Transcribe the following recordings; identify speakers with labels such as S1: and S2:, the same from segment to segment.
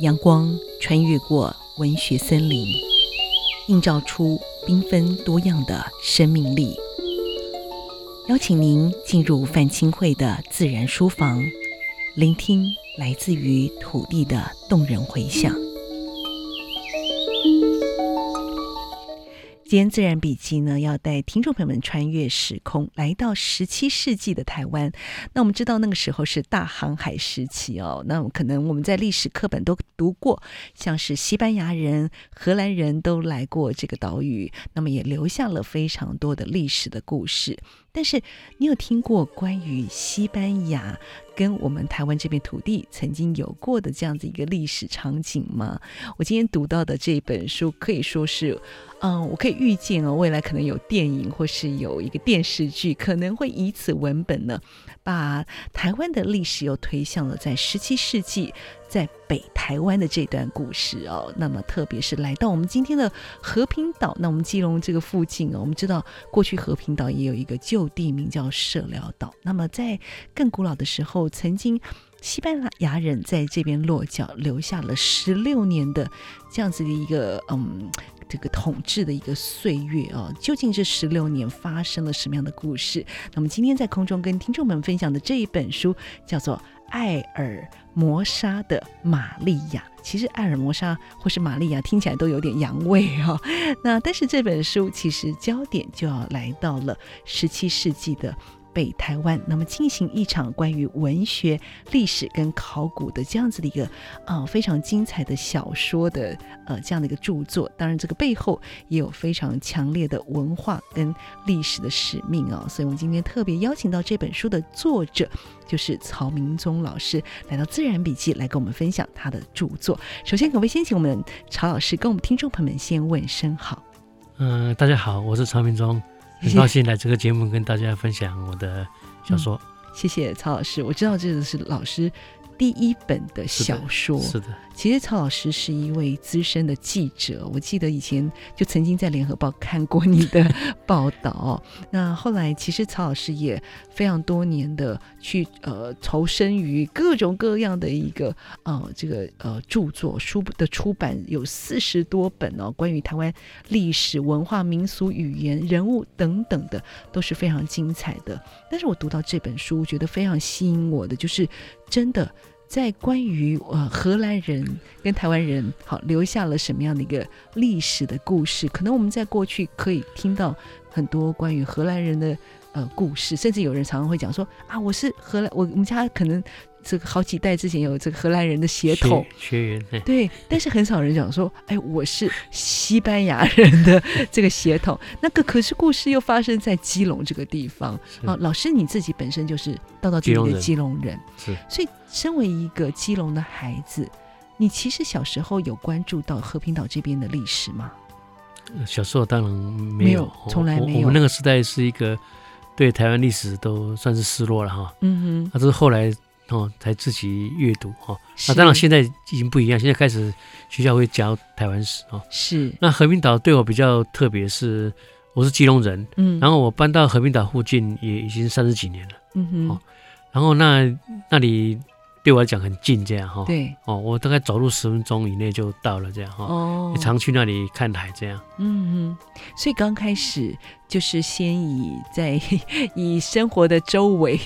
S1: 陽光穿越過文學森林，映照出繽紛多樣的生命力。邀請您進入范欽慧的自然書房，聆聽來自於土地的動人回響。今天自然筆記呢，要帶聽眾朋友們穿越時空，來到十七世紀的台灣。那我們知道那個時候是大航海時期哦，那可能我們在歷史課本都讀過，像是西班牙人、荷蘭人都來過這個島嶼，那麼也留下了非常多的歷史的故事。但是，你有聽過關於西班牙跟我們台灣這片土地曾經有過的這樣子一個歷史場景嗎？我今天讀到的這本書可以說是，嗯，我可以預見哦，未來可能有電影或是有一個電視劇可能會以此文本呢，把台灣的歷史又推向了在十七世紀。在北台灣的這段故事哦，那麼特別是來到我們今天的和平島，那我們基隆這個附近哦，我們知道過去和平島也有一個舊地名叫社寮島。那麼在更古老的時候，曾經西班牙人在這邊落腳，留下了十六年的這樣子的一個嗯，這個統治的一個歲月啊、哦。究竟這十六年發生了什麼樣的故事？那麼今天在空中跟聽眾們分享的這一本書叫做。艾爾摩莎的瑪利亞，其實艾爾摩莎或是瑪利亞聽起來都有點洋味啊、哦。那但是這本書其實焦點就要來到了十七世紀的。北台灣，那麼進行一場關於文學、歷史跟考古的這樣子的一個，啊、呃，非常精彩的小說的，呃，這樣的一個著作。當然，這個背後也有非常強烈的文化跟歷史的使命啊、哦。所以，我們今天特別邀請到這本書的作者，就是曹銘宗老師，來到自然筆記來跟我們分享他的著作。首先，可不可以先請我們曹老師跟我們聽眾朋友們先問聲好？嗯、
S2: 呃，大家好，我是曹銘宗。謝謝。很高興來這個節目跟大家分享我的小說。嗯，
S1: 謝謝曹老師，我知道這個是老師第一本的小說，是的。是的。其實曹老師是一位資深的記者，我記得以前就曾經在《聯合報》看過你的報道。 那後來，其實曹老師也非常多年的去呃投身於各種各樣的一個呃這個呃著作書的出版，有四十多本哦，關於台灣歷史文化、民俗語言、人物等等的，都是非常精彩的。但是我讀到這本書，我覺得非常吸引我的，就是真的。在關於呃荷蘭人跟台灣人，好留下了什麼樣的一個歷史的故事？可能我們在過去可以聽到很多關於荷蘭人的呃故事，甚至有人常常會講說啊，我是荷蘭，我我們家可能。這個好幾代之前有這個荷蘭人的血統、
S2: 血、血緣。對，
S1: 但是很少人講說哎，我是西班牙人的這個血統。嘿那個可是故事又發生在基隆這個地方啊是、哦。老師你自己本身就是道道這邊的基隆、基隆人，是。所以身為一個基隆的孩子，你其實小時候有關注到和平島這邊的歷史嗎？
S2: 呃、小時候當然沒有，沒有從來沒有我。我們那個時代是一個對台灣歷史都算是失落了哈。嗯哼，那、啊、這是後來。哦，才自己閱讀哦。那當然現在已經不一樣，現在開始學校會教台灣史哦。是。那和平島對我比較特別是，我是基隆人，嗯，然後我搬到和平島附近也已經三十幾年了，嗯哼。哦，然後那那裡。對我來講很近，這樣哈。對，哦，我大概走路十分鐘以內就到了，這樣哈。哦，你常去那裡看海，這樣。嗯
S1: 嗯，所以剛開始就是先以在以生活的周圍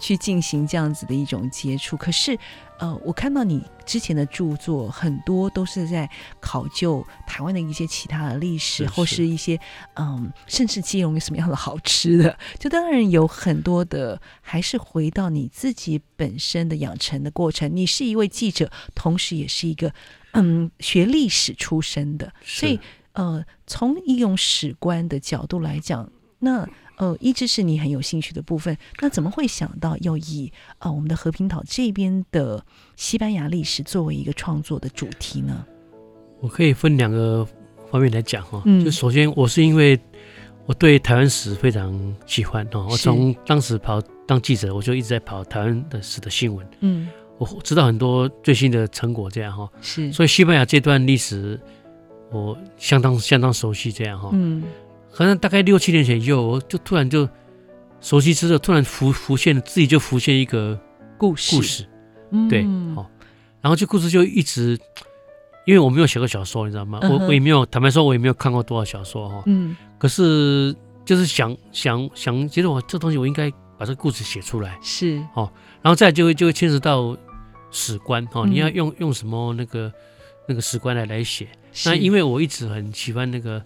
S1: 去進行這樣子的一種接觸，可是。呃，我看到你之前的著作很多都是在考究台灣的一些其他的歷史，是是或是一些嗯，甚至基隆有什麼樣的好吃的。就當然有很多的，還是回到你自己本身的養成的過程。你是一位記者，同時也是一個嗯，學歷史出身的，所以呃，從應用史觀的角度來講，那。哦、呃，一直是你很有興趣的部分。那怎麼會想到要以啊、呃、我們的和平島這邊的西班牙歷史作為一個創作的主題呢？
S2: 我可以分兩個方面來講哈，嗯、就首先我是因為我對台灣史非常喜歡哈，是我從當時跑當記者，我就一直在跑台灣的史的新聞，嗯，我知道很多最新的成果這樣哈，是，所以西班牙這段歷史我相當相當熟悉這樣哈，嗯。好像大概六七年前就，我就突然就熟悉之後，突然浮浮現自己就浮現一個故故事，故對，好、嗯哦，然後這故事就一直，因為我沒有寫過小說，你知道嗎？我、嗯、哼我也沒有坦白說，我也沒有看過多少小說哈。哦嗯、可是就是想想想，想覺得我這東西我應該把這個故事寫出來，是，哦，然後再就會就會牽扯到史觀，哦，你要用、嗯、用什麼那個那個史觀來來寫？是那因為我一直很喜歡那個。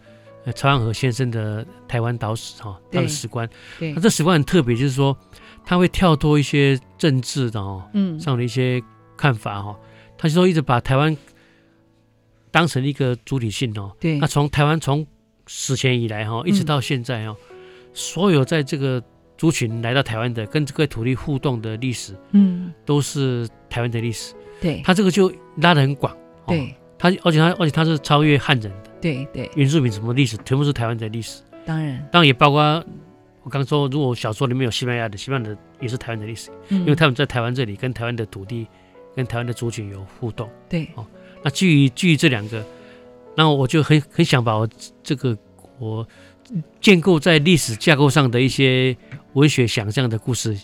S2: 曹安和先生的《台灣島史》哦，哈，他的史觀，對，對，他這史觀很特別，就是說他會跳脫一些政治的哦，嗯，上的一些看法哈，哦，他就說一直把台灣當成一個主體性哦，對。那從台灣從史前以來哈，哦，一直到現在哦，嗯，所有在這個族群來到台灣的跟這塊土地互動的歷史，嗯，都是台灣的歷史，對，他這個就拉得很廣，哦，對，他而且他而且他是超越漢人
S1: 的。對
S2: 對，原住民什麼歷史，全部是台灣的歷史。當然，當然也包括我剛說，如果小說裡面有西班牙的，西班牙的也是台灣的歷史，嗯，因為他們在台灣這裡跟台灣的土地、跟台灣的族群有互動。對，哦，那基於基於這兩個，那我就很很想把我這個我建構在歷史架構上的一些文學想象的故事，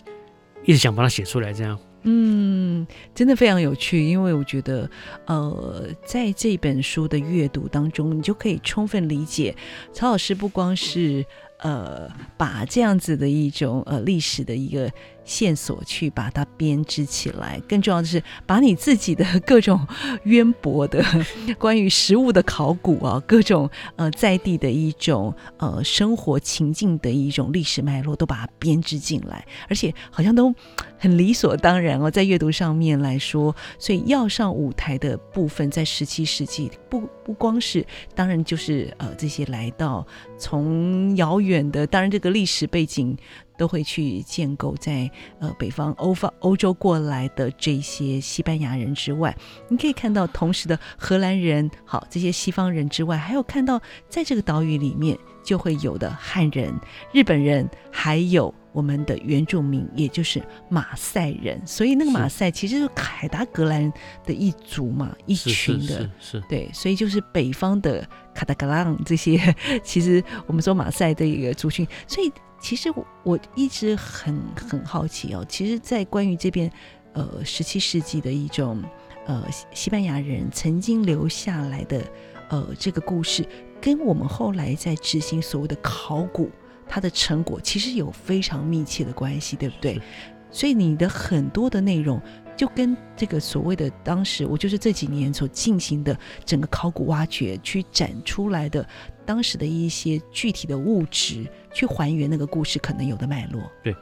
S2: 一直想把它寫出來，這樣。
S1: 嗯，真的非常有趣，因為我覺得，呃，在這本書的閱讀當中，你就可以充分理解曹老師不光是，呃，把這樣子的一種，呃，歷史的一個線索去把它編織起來，更重要的是把你自己的各種淵博的關於食物的考古啊，各種呃在地的一種呃生活情境的一種歷史脈絡都把它編織進來，而且好像都很理所當然哦，在閱讀上面來說，所以要上舞台的部分在十七世紀不不光是當然就是呃這些來到從遙遠的當然這個歷史背景。都會去建構在呃北方、歐方、歐洲過來的這些西班牙人之外，你可以看到同時的荷蘭人、好這些西方人之外，還有看到在這個島嶼裡面就會有的漢人、日本人，還有。我們的原住民，也就是馬賽人，所以那個馬賽其實是凱達格蘭的一族嘛，是，一群的，是是是是對，所以就是北方的凱達格蘭這些，其實我們說馬賽的一個族群。所以其實我一直很很好奇哦，其實在關於這邊呃十七世紀的一種呃西班牙人曾經留下來的呃這個故事，跟我們後來在執行所謂的考古。他的成果其實有非常密切的關係，對不對？是所以你的很多的內容就跟這個所謂的當時，我就是這幾年所進行的整個考古挖掘去展出來的，當時的一些具體的物質去還原那個故事可能有的脈絡。
S2: 對，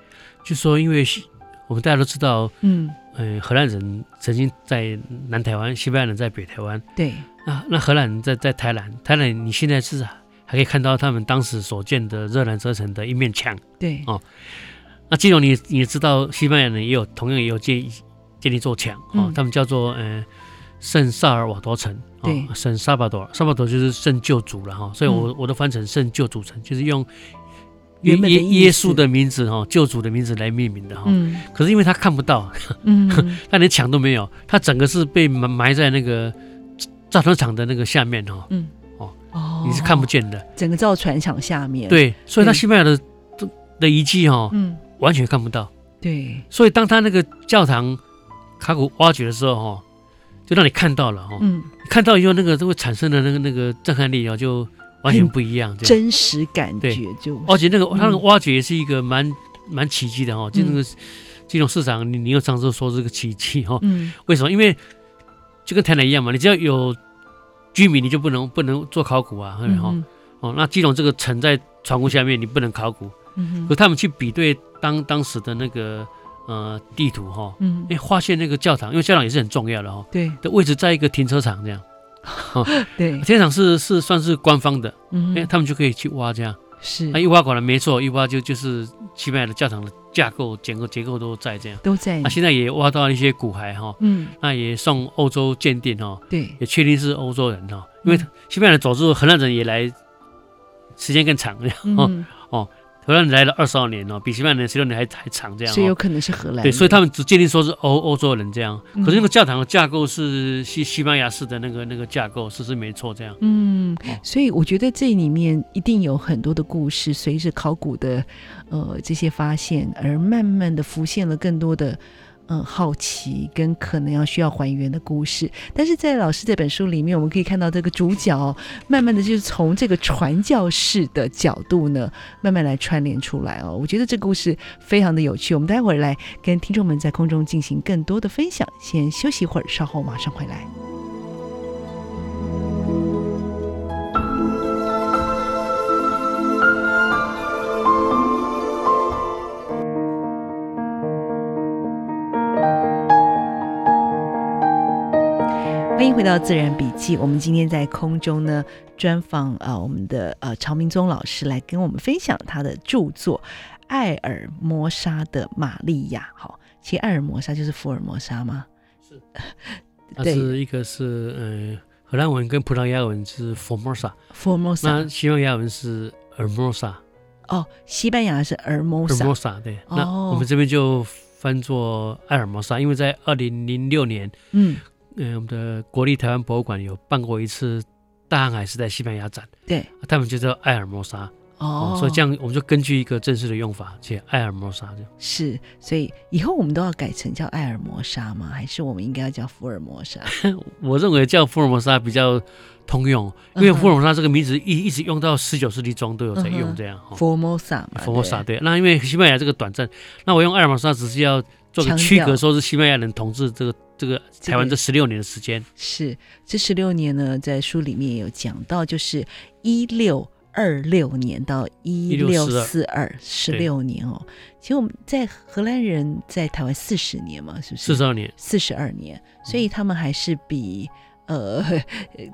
S2: 就說因為我們大家都知道，嗯嗯，荷蘭人曾經在南台灣，西班牙人在北台灣，對，那那荷蘭人在在台南，台南你現在是啥？還可以看到他們當時所建的熱蘭遮城的一面牆。對，哦，那、啊、雞籠，你你知道，西班牙人也有同樣也有建議建了一座牆哦，嗯、他們叫做呃聖薩爾瓦多城，哦，聖薩對巴多，薩巴多就是聖救主了哈，所以我、嗯、我都翻成聖救主城，就是用明明耶耶耶穌的名字哈救主的名字來命名的哈。哦嗯、可是因為他看不到，呵呵嗯、他連牆都沒有，他整個是被埋埋在那個造船廠的那個下面哈。哦、嗯。
S1: 哦，你是看不見的，整個造船廠下面。對，所以他西
S2: 班牙的的遺跡哈，嗯，完全看不到。
S1: 對，
S2: 所以當他那個教堂考古挖掘的時候哈，就讓你看到了哈，嗯，看到以後那個都會產生的那個那個震撼力啊，就完全不一樣，真實感覺就。而且那個他那個挖掘也是一個蠻蠻奇蹟的哈，這種金融市場，你你又上次說這個奇蹟哈，嗯，為什麼？因為就跟台南一樣嘛，你只要有。居民，你就不能不能做考古啊，哈、嗯哼嗯、哦，那基隆這個城在船塢下面，你不能考古，嗯哼可他們去比對當當時的那個呃地圖哈、哦，嗯哼，哎發現那個教堂，因為教堂也是很重要的哈、哦，對，的位置在一個停車場這樣，哦、對，停車場是是算是官方的，嗯哼，哎他們就可以去挖這樣，是，那、啊、一挖果然沒錯，一挖就就是西班牙的教堂的。架構整個結，結構都在這樣，都在。那、啊、現在也挖到一些骨骸哈，哦、嗯，那也送歐洲鑑定哦，對也確定是歐洲人哈，因為西班牙人走之後荷蘭人也來，時間更長，然後、嗯、哦。哦荷蘭來了二十二年哦、喔，比西班牙人十六年還還長這樣、喔。所以有可能是荷蘭對，所以他們只鑑定說是歐歐洲人這樣。可是那個教堂的架構是西、嗯、西班牙式的那個那個架構，是是沒錯這樣。
S1: 嗯，所以我覺得這裡面一定有很多的故事，隨着考古的呃這些發現而慢慢的浮現了更多的。嗯，好奇跟可能要需要還原的故事，但是在老師這本書裡面，我們可以看到這個主角，慢慢的就是從這個傳教士的角度呢，慢慢來串聯出來哦，我覺得這故事非常的有趣，我們待會兒來跟聽眾們在空中進行更多的分享。先休息一會兒，稍後馬上回來。回到自然筆記，我們今天在空中呢專訪啊，我們的呃曹銘宗老師來跟我們分享他的著作《艾爾摩莎的瑪利亞》。好，其實艾爾摩莎就是福爾摩莎嗎？是， 對是
S2: 一個是呃荷蘭文跟葡萄牙文是福爾摩莎，福爾摩莎，西班牙文是爾摩莎。
S1: 哦，西班牙是爾摩爾莎，erm、osa，對。哦、那我們
S2: 這邊就翻作艾爾摩莎，因為在二零零六年，嗯。對，我們的國立台灣博物館有辦過一次大航海時代西班牙展，對，他們就叫艾爾摩沙哦，哦，所以這樣我們就根據一個正式的用法，寫艾爾摩沙，
S1: 是，所以以後我們都要改成叫艾爾摩沙嗎？還是我們應該要叫福爾摩沙？
S2: 我認為叫福爾摩沙比較通用，嗯、哼因為福爾摩沙這個名字一一直用到十九世紀中都有在用，這樣。嗯哼嗯、
S1: 福爾摩沙嘛，福爾摩沙，對。對，那因為
S2: 西班牙這個短暫，那我用艾爾摩沙只是要做個區隔，調說是西班牙人統治這個。這個台灣這十六年的時間，
S1: 是這十六年呢，在書裡面也有講到，就是一六二六年到一六四二十六年哦、喔。對其實我們在荷蘭人在台灣四十年嘛，是不是？四十二年，四十二年，所以他們還是比、嗯。呃，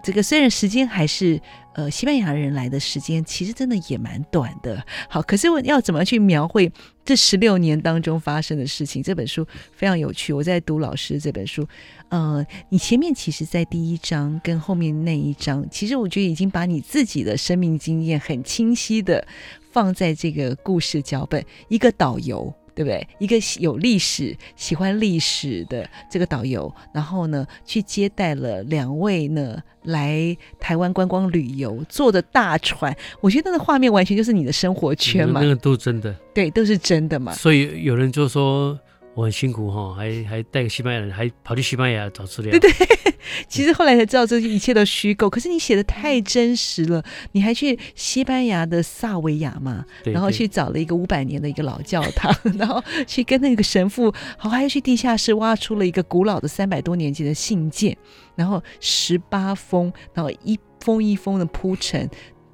S1: 這個雖然時間還是呃，西班牙人來的時間其實真的也蠻短的。好，可是我要怎麼去描繪這十六年當中發生的事情？這本書非常有趣，我在讀老師這本書。呃，你前面其實在第一章跟後面那一章，其實我覺得已經把你自己的生命經驗很清晰的放在這個故事腳本，一個導遊。對不對？一個有歷史、喜歡歷史的這個導遊，然後呢，去接待了兩位呢來台灣觀光旅遊，坐着大船。我覺得那個畫面完全就是你的生活圈嘛，那個都是真的，對，都是真的嘛。所
S2: 以有人就說。我很辛苦哈，還還帶個西班牙人，還跑去西班牙找資料。對，對
S1: 對，其實後來才知道這一切都虛構。嗯、可是你寫的太真實了，你還去西班牙的薩維亞嘛，然後去找了一個五百年的一個老教堂，對對對，然後去跟那個神父，好 還要去地下室挖出了一個古老的三百多年前的信件，然後十八封，然後一封一封的鋪陳，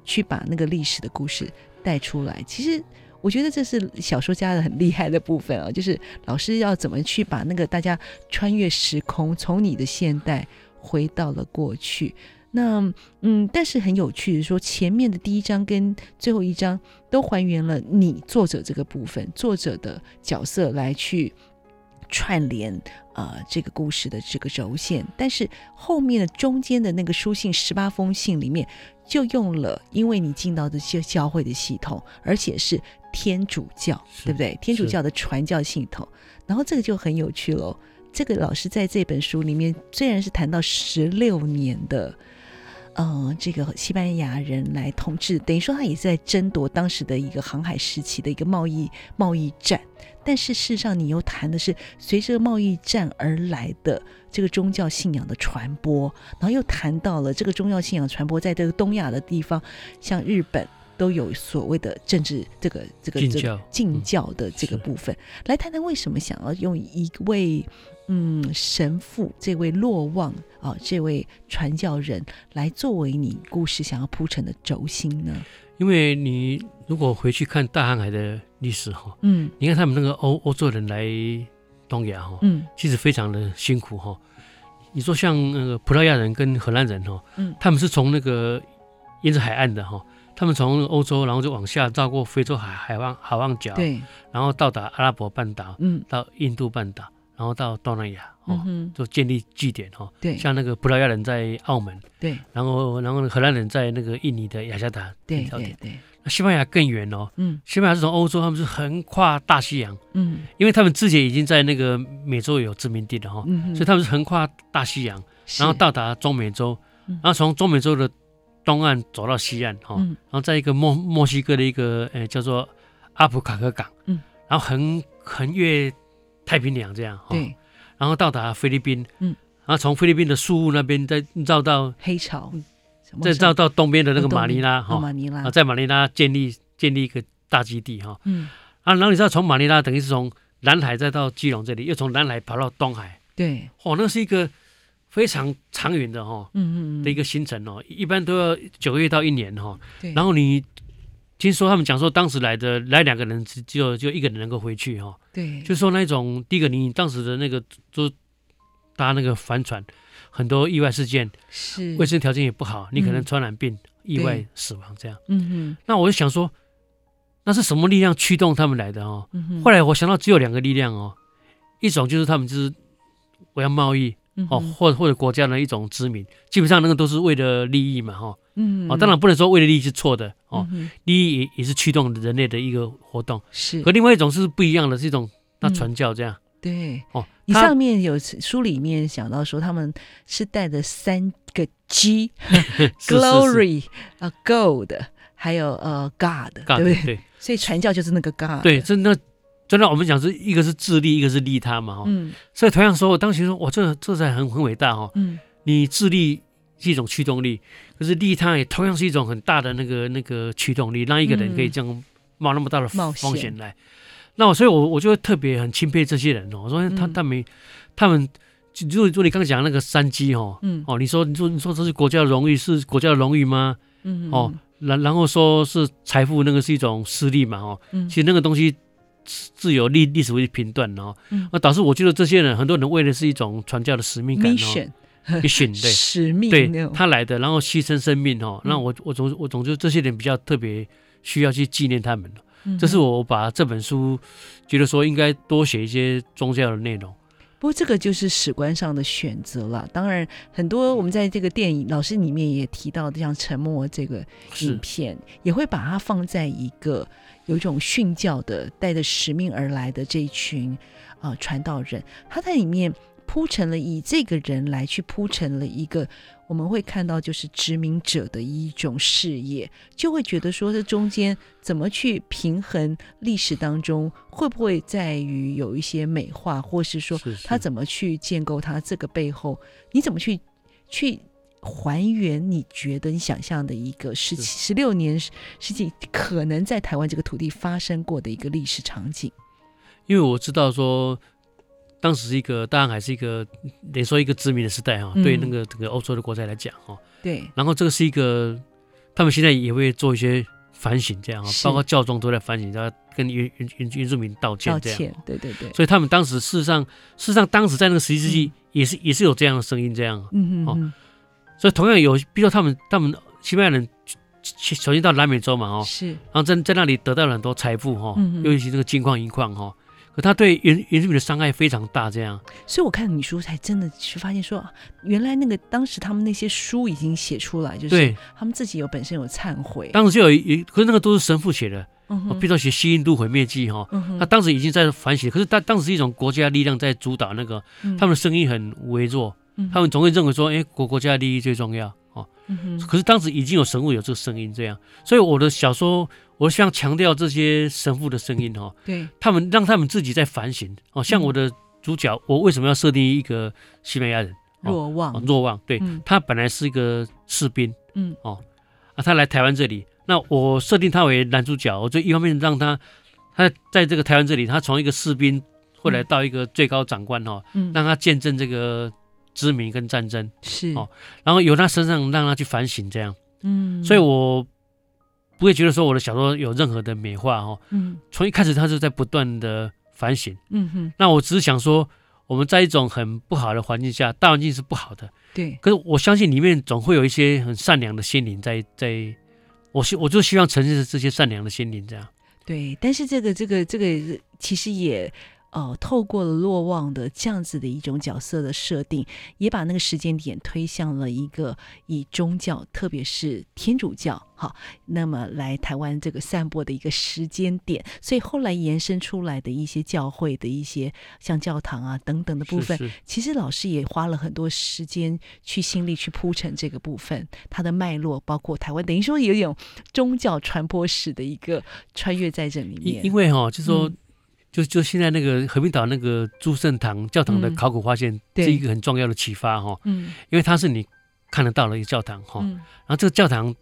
S1: 去把那個歷史的故事帶出來。其實。我覺得這是小說家的很厲害的部分啊，就是老師要怎麼去把那個大家穿越時空，從你的現代回到了過去。那嗯，但是很有趣的是說，前面的第一章跟最後一章都還原了你作者這個部分，作者的角色來去串聯啊、呃，這個故事的這個軸線。但是後面的中間的那個書信十八封信裡面，就用了因為你進到的教教會的系統，而且是。天主教，對不對？天主教的傳教系統，然後這個就很有趣嘍。這個老師在這本書裡面，雖然是談到十六年的，嗯、呃，這個西班牙人來統治，等於說他也是在爭奪當時的一個航海時期的一個貿易貿易戰。但是事實上，你又談的是隨着貿易戰而來的這個宗教信仰的傳播，然後又談到了這個宗教信仰傳播在這個東亞的地方，像日本。都有所謂的政治，這個這個這個宗教的這個部分，來談談為什麼想要用一位嗯神父，這位若望啊，這位傳教人來作為你故事想要鋪成的軸心呢？
S2: 因為你如果回去看大航海的歷史哈，嗯，你看他們那個歐歐洲人來東亞哈，嗯，其實非常的辛苦哈、哦。你說像那個葡萄牙人跟荷蘭人哈，嗯，他們是從那個沿着海岸的哈、哦。他們從歐洲，然後就往下繞過非洲海，好望、好望角，對，然後到達阿拉伯半島，嗯，到印度半島，然後到東南亞，哦，就建立據點，哈，對，像那個葡萄牙人在澳門，對，然後，然後荷蘭人在那個印尼的雅加達，對對對，那西班牙更遠哦，嗯，西班牙是從歐洲，他們是橫跨大西洋，嗯，因為他們之前已經在那個美洲有殖民地了哈，所以他們是橫跨大西洋，然後到達中美洲，然後從中美洲的。東岸走到西岸，哈，然後在一個墨墨西哥的一個呃叫做阿普卡克港，嗯，然後橫橫越太平洋這樣，對，然後到達菲律賓，嗯，然後從菲律賓的宿務那邊再繞到黑潮，再繞到東邊的那個馬尼拉，哈，馬尼拉，在馬尼拉建立建立一個大基地，哈，嗯，啊，然後你知道從馬尼拉等於是從南海再到基隆這裡，又從南海跑到東海，
S1: 對，
S2: 哦，那是一個。非常長遠的哈，嗯嗯的一個行程哦，嗯哼。一般都要九個月到一年哈。對。然後你聽說他們講說，當時來的來兩個人只有，就就一個人能夠回去哈。對。就說那種第一個，你當時的那個就搭那個帆船，很多意外事件，是。衛生條件也不好，你可能傳染病、嗯、意外死亡這樣。嗯嗯。那我就想說，那是什麼力量驅動他們來的哦？嗯哼。後來我想到只有兩個力量哦，一種就是他們就是我要貿易。哦，或或者國家的一種殖民，基本上那個都是為了利益嘛，哈、哦。嗯。哦，當然不能說為了利益是錯的，哦，嗯、哼利益也也是驅動人類的一個活動，是和另外一種是不一樣的，是一種那傳教這樣。嗯、
S1: 對。哦，你上面有書裡面想到說，他們是帶的三個 G，Glory，呃、uh,，Gold，還有呃、uh,，God，, God 對不對？對，所以傳教就是那個 God。對，是那。
S2: 真的，所以我們講是一個是自利，一個是利他嘛、哦嗯，哈，所以同樣說，我當時說，哇這，這這才很很偉大哈，嗯，你自利是一種驅動力，可是利他也同樣是一種很大的那個那個驅動力，讓一個人可以這樣冒那麼大的風險來、嗯。那我所以，我我就會特別很欽佩這些人哦，我說他他沒他們，就就你剛講那個 3G 哈，嗯，哦，你說你說你說這是國家的榮譽是國家的榮譽嗎？嗯哼，哦，然然後說是財富那個是一種私利嘛，哦，嗯，其實那個東西。自由歷歷史為評斷哦，那、嗯啊、導致我覺得這些人，很多人為的是一種傳教的使命感哦選，Mission, Mission Mission, 對， 使命對他來的，然後犧牲生命哦，那、嗯、我我總我總覺得這些人比較特別，需要去紀念他們、嗯、哼這是我把這本書覺得說應該多寫一些宗教的內容。
S1: 不過這個就是史觀上的選擇了。當然，很多我們在這個電影老師裡面也提到的，像《沉默》這個影片，是也會把它放在一個有一種殉教的、帶着使命而來的這一群啊、呃、傳道人，他在裡面鋪陳了，以這個人來去鋪陳了一個。我們會看到，就是殖民者的一種事業，就會覺得說，這中間怎麼去平衡歷史當中，會不會在於有一些美化，或是說他怎麼去建構他這個背後？是是你怎麼去去還原？你覺得你想象的一個十七、是是十六年世紀可能在台灣這個土地發生過的一個歷史場景？
S2: 因為我知道說。當時是一個當然還是一個，得說一個殖民的時代哈，嗯、對那個整個歐洲的國家來講哈，對。然後這個是一個，他們現在也會做一些反省，這樣啊，是包括教宗都在反省，要跟原原原住民道歉這樣道歉，對對對。所以他們當時事實上事實上當時在那個十七世紀也是、嗯、也是有這樣的聲音這樣，嗯嗯嗯。所以同樣有，比如說他們他們西班牙人首先到南美洲嘛哦，是然後在在那裡得到了很多財富哈，尤其是那個金礦銀礦哈。可他對原原住民的傷害非常大，這樣，
S1: 所以我看你書才真的是發現說，原來那個當時他們那些書已經寫出來，就是他們自己有本身有懺悔，對悔。當時
S2: 就有有，可是那個都是神父寫的，比、嗯哼喔、如說寫《西印度毀滅記》哈，他當時已經在反省。可是當當時是一種國家力量在主導那個，嗯、他們的聲音很微弱，嗯、他們總會認為說，哎、欸，國國家利益最重要啊。喔嗯、哼可是當時已經有神父有這個聲音，這樣，所以我的小說。我希望強調這些神父的聲音哈、哦，對他們讓他們自己在反省哦。像我的主角，嗯、我為什麼要設定一個西班牙人、哦、若望、哦？若望，對、嗯、他本來是一個士兵，嗯哦，他來台灣這裡，那我設定他為男主角，我就一方面讓他他在這個台灣這裡，他從一個士兵後來到一個最高長官哈、嗯哦，讓他見證這個殖民跟戰爭是哦，然後由他身上讓他去反省這樣，嗯，所以我。不會覺得說我的小說有任何的美化哦。嗯，從一開始他就在不斷的反省，嗯哼，那我只是想說，我們在一種很不好的環境下，大環境是不好的，對，可是我相信裡面總會有一些很善良的心靈在在，我希我就希望呈現的這些善良的心靈這樣，
S1: 對，但是這個這個這個其實也。哦，透過了若望的這樣子的一種角色的設定，也把那個時間點推向了一個以宗教，特別是天主教，哈，那麼來台灣這個散播的一個時間點，所以後來延伸出來的一些教會的一些像教堂啊等等的部分，是是其實老師也花了很多時間去心力去鋪陳這個部分，它的脈絡包括台灣，等於說也有種宗教傳播史的一個穿越在這裡面。因為哈、哦，就是、說。
S2: 嗯就就現在那個和平島那個諸聖堂教堂的考古發現是一個很重要的啟發哈，嗯、因為它是你看得到的一個教堂哈，嗯、然後這個教堂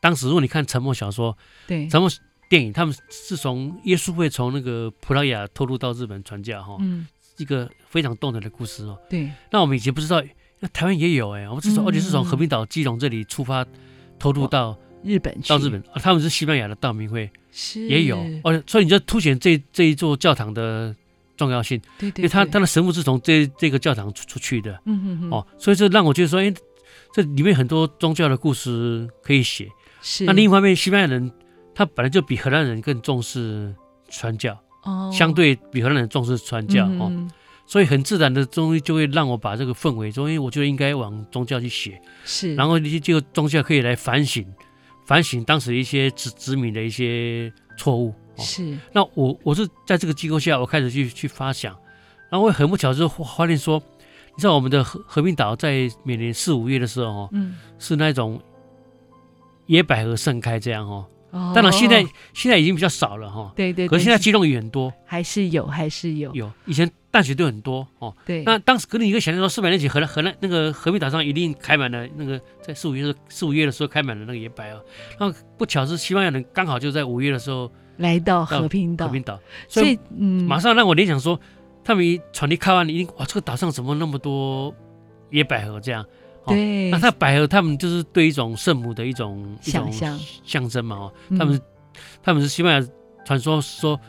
S2: 當時如果你看沉默小說，對，沉默電影，他們是從耶穌會從那個葡萄牙偷渡到日本傳教哈，嗯、一個非常動人的故事哦，對，那我們以前不知道，那台灣也有哎，我們是從而且是從和平島基隆這裡出發偷渡到
S1: 日本去，到日本、
S2: 啊，他們是西班牙的道明會。也有是、哦，所以你就凸顯這這一座教堂的重要性，對，對對，因為他他的神父是從這這個教堂出出去的，嗯嗯嗯，哦，所以這讓我覺得說，誒、欸，這裡面很多宗教的故事可以寫。是，那另一方面，西班牙人他本來就比荷蘭人更重視傳教，哦，相對比荷蘭人重視傳教，嗯、哼哦，所以很自然的中醫就會讓我把這個氛圍中，醫、欸，我覺得應該往宗教去寫，是，然後你就宗教可以來反省。反省當時一些殖殖民的一些錯誤，是、哦。那我我是在這個機構下，我開始去去發想，然後我很不巧就發現說，你知道我們的和和平島在每年四五月的時候、哦、嗯，是那種野百合盛開這樣哦。當然現在、哦、現在已經比較少了哈。哦、對，對對。可是現在激動也很多。是還是有，還是有。有以前。淡水都很多哦，對。那當時格林一個想象說，四百年前荷蘭，荷蘭那個和平島上一定開滿了那個，在四五月、四五月的時候開滿了那個野百合。那不巧是西班牙人剛好就在五月的時候
S1: 到來到和平島，平所以、嗯、馬
S2: 上讓我聯想說，他們傳遞開完，一定哇，這個島上怎麼那麼多野百合這樣？哦、對。那它百合，他們就是對一種聖母的一種,像像一種象徵嘛。哦，他們，嗯、他們是西班牙傳說說。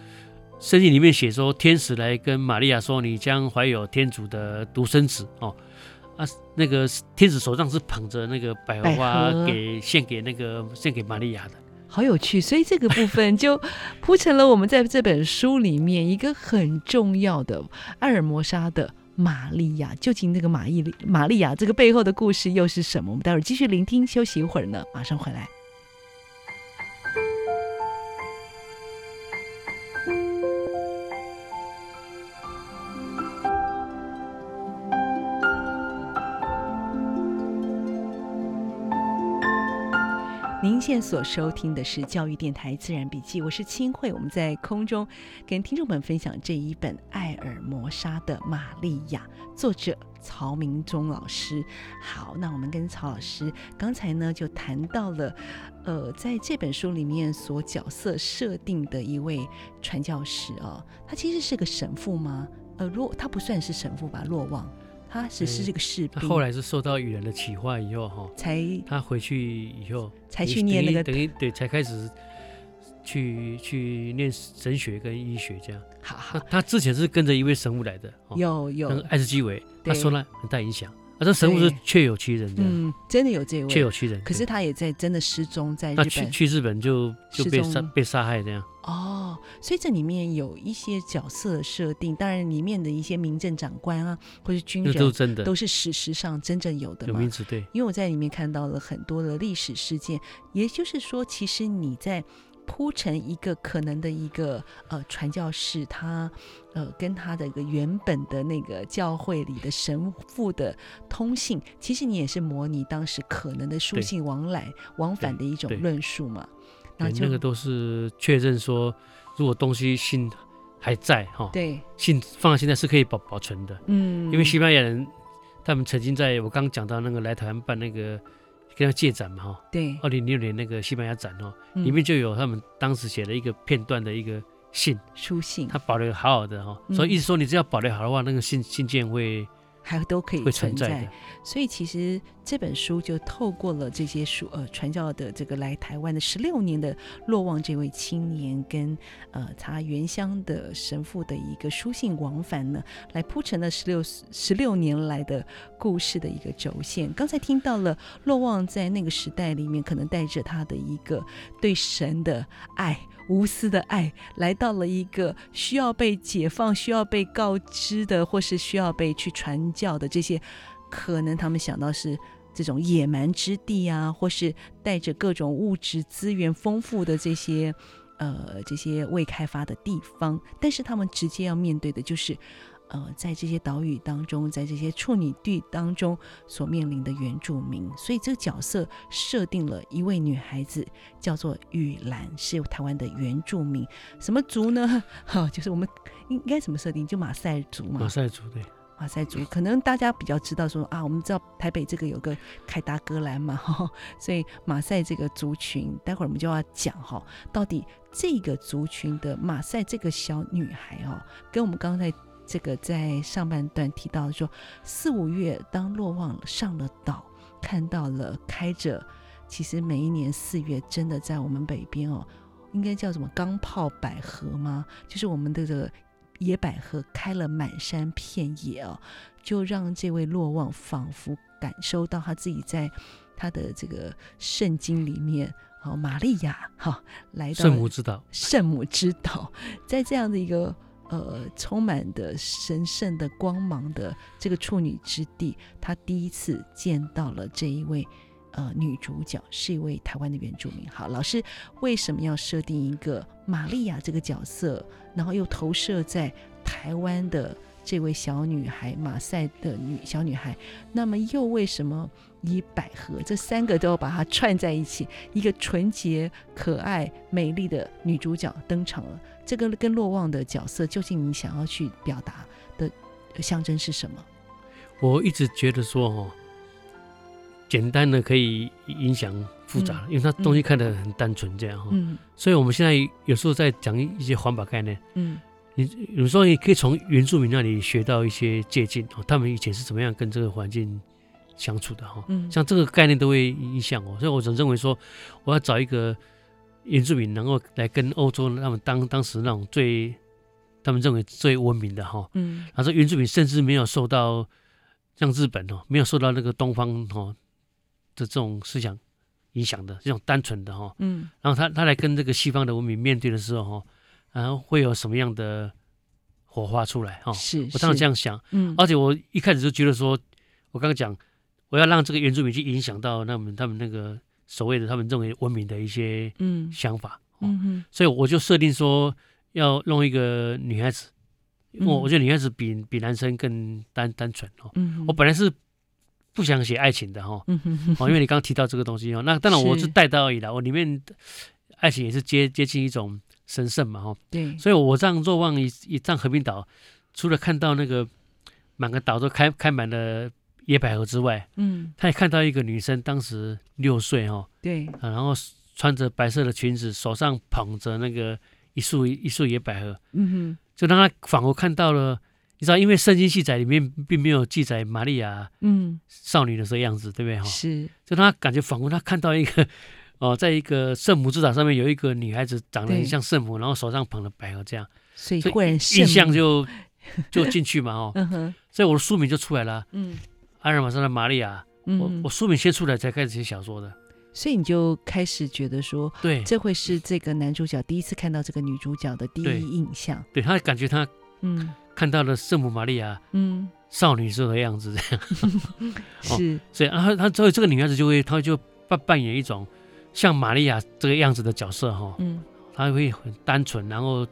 S2: 聖經裡面寫說，天使來跟瑪利亞說：“你將懷有天主的獨生子哦。”啊，那個天使手上是捧着那個百花花，百合花，給獻給那個獻
S1: 給瑪利亞的。好有趣，所以這個部分就鋪成了我們在這本書裡面一個很重要的艾爾 摩沙的瑪利亞。究竟那個瑪麗瑪利亞這個背後的故事又是什麼？我們待會兒繼續聆聽，休息一會兒呢，馬上回來。現在所收聽的是教育電臺《自然筆記》，我是清慧，我們在空中跟聽眾們分享這一本《艾爾摩沙的瑪利亞》，作者曹銘宗老師。好，那我們跟曹老師剛才呢就談到了，呃，在這本書裡面所角色設定的一位傳教士哦，他其實是個神父嗎？呃，若他不算是神父吧，若望。他、啊、只是這個士兵，嗯、他後來
S2: 是受到羽人的啟發以後，哈才，才他回去以後才去念那個，等於對，才開始去去念神學跟醫學這樣。好,好，他他之前是跟着一位神父來的，有有，有那個艾斯基維，對他說了很大影響。
S1: 啊，這神物是確有其人的。嗯，真的有這位，確有其人。可是他也在真的失蹤，在日本，去對去
S2: 日本就就被殺蹤被殺害這樣。
S1: 哦，所以這裡面有一些角色設定，當然裡面的一些民政長官啊，或是軍人，都是真的，都是史實上真正有的嗎？有名字，對，因為我在裡面看到了很多的歷史事件，也就是說，其實你在，鋪陳一個可能的一個呃傳教士他呃跟他的一個原本的那個教會裡的神父的通信，其實你也是模擬當時可能的書信往來對往返的一種論述嘛。對，對，那個
S2: 都是確認說如果東西信還在哈，哦、對，信放在現在是可以保保存的。嗯，因為西班牙人他們曾經在我剛講到那個來台灣辦那個。跟他借展嘛哈，對，二零零六年那個西班牙展哦，嗯、裡面就有他們當時寫的一個片段的一個信書信，他保留好好的哈，嗯、所以意思說你只要保留好的話，那個信信件會
S1: 還都可以會存在，存在的，所以其實。這本書就透過了這些書，呃，傳教的這個來台灣的十六年的若望這位青年跟，跟呃他原鄉的神父的一個書信往返呢，來鋪成了十六十六年來的故事的一個軸線。剛才聽到了若望在那個時代裡面，可能帶着他的一個對神的愛、無私的愛，來到了一個需要被解放、需要被告知的，或是需要被去傳教的這些，可能他們想到是。這種野蠻之地啊，或是帶着各種物質資源豐富的這些呃這些未開發的地方，但是他們直接要面對的就是呃在這些島嶼當中，在這些處女地當中所面臨的原住民。所以這個角色設定了一位女孩子，叫做雨蘭，是台灣的原住民，什麼族呢？哈、哦，就是我們應該怎麼設定？就馬賽族嘛。馬賽族對。馬賽族可能大家比較知道說啊，我們知道台北這個有個凱達格蘭嘛呵呵，所以馬賽這個族群，待會兒我們就要講哈，到底這個族群的馬賽這個小女孩哦，跟我們剛才在這個在上半段提到說，四五月當若望了上了島，看到了開着，其實每一年四月真的在我們北邊哦，應該叫什麼鋼炮百合嗎？就是我們的這個。野百合開了滿山遍野哦，就讓這位若望仿佛感受到他自己在他的這個聖經裡面，哦，瑪利亞哈、哦、來到了聖母之島，聖母之島，在這樣的一個呃充滿的神聖的光芒的這個處女之地，他第一次見到了這一位。呃，女主角是一位台灣的原住民。好，老師為什麼要設定一個瑪利亞這個角色，然後又投射在台灣的這位小女孩馬賽的女小女孩？那麼又為什麼以百合這三個都要把它串在一起？一個純潔、可愛、美麗的女主角登場了。這個跟若望的角色，究竟你想要去表達的象徵是什麼？
S2: 我一直覺得說，哈。簡單的可以影響複雜，嗯，因為它東西看得很單純，這樣哈。嗯，所以我們現在有時候在講一些環保概念，嗯，你有時候也可以從原住民那裡學到一些借鑑哦。他們以前是怎麼樣跟這個環境相處的哈？嗯。像這個概念都會影響哦，所以我總認為說，我要找一個原住民，能夠來跟歐洲他們當當時那種最，他們認為最文明的哈。嗯。他說原住民甚至沒有受到像日本哦，沒有受到那個東方哦。的這種思想影響的這種單純的哈，嗯，然後他他來跟這個西方的文明面對的時候哈，然後會有什麼樣的火花出來哈？是，我當時這樣想，嗯。是，而且我一開始就覺得說，嗯、我剛剛講，我要讓這個原住民去影響到他們他們那個所謂的他們這種文明的一些想法，嗯嗯，哦、嗯哼所以我就設定說，要弄一個女孩子，我、嗯、哼我覺得女孩子比比男生更單單純哦，嗯哼，我本來是。不想寫愛情的哈，哦、嗯，因為你剛剛提到這個東西哦，那當然我是帶刀而已啦是我裡面愛情也是接接近一種神聖嘛哈，對，所以我讓若望一一上和平島，除了看到那個滿個島都開開滿了野百合之外，嗯，他也看到一個女生當時六歲哈，對，啊，然後穿着白色的裙子，手上捧着那個一束一束野百合，嗯哼，就讓他仿佛看到了。你知道，因為聖經記載裡面並沒有記載瑪利亞，嗯，少女的這個樣子，對不對？哈，是，就他感覺仿佛他看到一個，哦，在一個聖母之塔上面有一個女孩子長得很像聖母，然後手上捧了百合，這樣，
S1: 所以忽然印象就
S2: 就進去嘛，哦，所以我的書名就出來了，嗯，艾爾摩沙的瑪利亞，
S1: 我我
S2: 書名先出來才開始寫小說的，
S1: 所以你就開始覺得說，對，這會是這個男主角第一次看到這個女主角的第一印象，
S2: 對他感覺他，嗯。看到了聖母瑪利亞，嗯，少女時候的樣子這樣，呵呵，哦、是，所以然後他所以這個女孩子就會，她就扮扮演一種像瑪利亞這個樣子的角色哈，她、哦嗯、會很單純，然後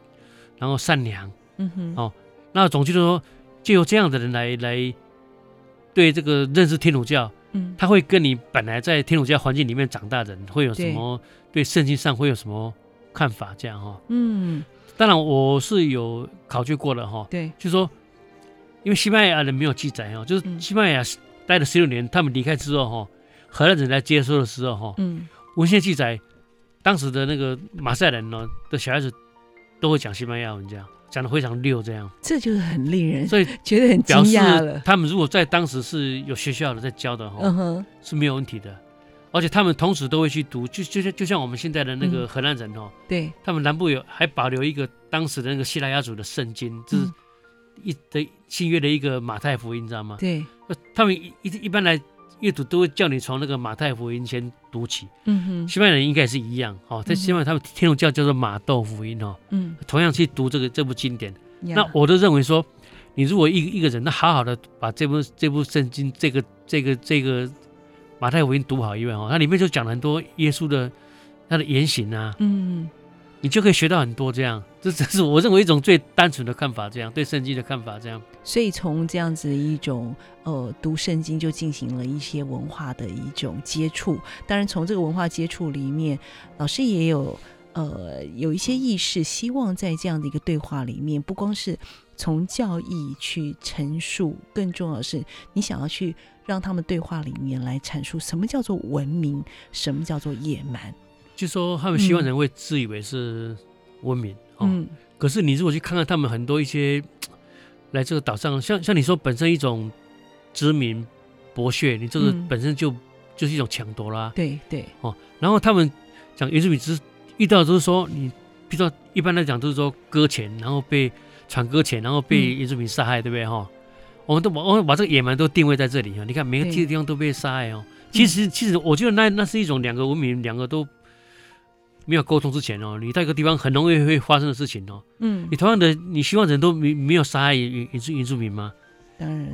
S2: 然後善良、嗯哼哦，那總之就是說，藉由這樣的人來來對這個認識天主教，嗯，他會跟你本來在天主教環境裡面長大的人會有什麼對聖經上會有什麼看法這樣哈、哦，嗯。當然，我是有考據過的哈。對，就是說，因為西班牙人沒有記載哈，就是西班牙待了十六年，嗯、他們離開之後哈，荷蘭人來接收的時候哈，嗯，文獻記載當時的那個馬賽人呢，的小孩子都會講西班牙文，這樣講的非常溜，這樣。
S1: 這就是很令人所以覺得很驚訝了。
S2: 他們如果在當時是有學校的在教的哈，嗯哼是沒有問題的。而且他們同時都會去讀，就就像就像我們現在的那個荷蘭人哦、喔嗯，對，他們南部有還保留一個當時的那個西拉雅族的聖經，這、嗯、是一的新約的一個馬太福音，你、嗯、知道嗎？對，他們一一般來閱讀都會叫你從那個馬太福音先讀起。嗯哼，西班牙人應該也是一樣哦、喔，嗯、哼在西班牙他們天主教叫做瑪竇福音哦、喔，嗯，同樣去讀這個這部經典。嗯、那我都認為說，你如果一個一個人，那好好的把這部這部聖經，這個這個這個。這個馬太福音讀好以外，哦，它裡面就講了很多耶穌的他的言行啊，
S1: 嗯，
S2: 你就可以學到很多這樣，這這是我認為一種最單純的看法，這樣對聖經的看法，這樣。
S1: 所以從這樣子一種呃讀聖經就進行了一些文化的一種接觸，當然從這個文化接觸裡面，老師也有呃有一些意識，希望在這樣的一個對話裡面，不光是。從教義去陳述，更重要的是，你想要去讓他們對話裡面來闡述什麼叫做文明，什麼叫做野蠻。就
S2: 說他們西方人會自以為是文明嗯、哦，可是你如果去看看他們很多一些來這個島上，像像你說本身一種殖民剝削，你這個本身就、嗯、就是一種搶奪啦。對對哦，然後他們講原始民族遇到就是說你，譬如說一般來講都是說擱淺，然後被。船擱淺，然後被原住民殺害，嗯、對不對哈？我們都把把這個野蠻都定位在這裡啊！你看每個地的地方都被殺害哦。嗯、其實，其實我覺得那那是一種兩個文明兩個都沒有溝通之前哦，你在一個地方很容易會發生的事情哦。嗯，你同樣的，你希望人都沒沒有殺害原原原住民嗎？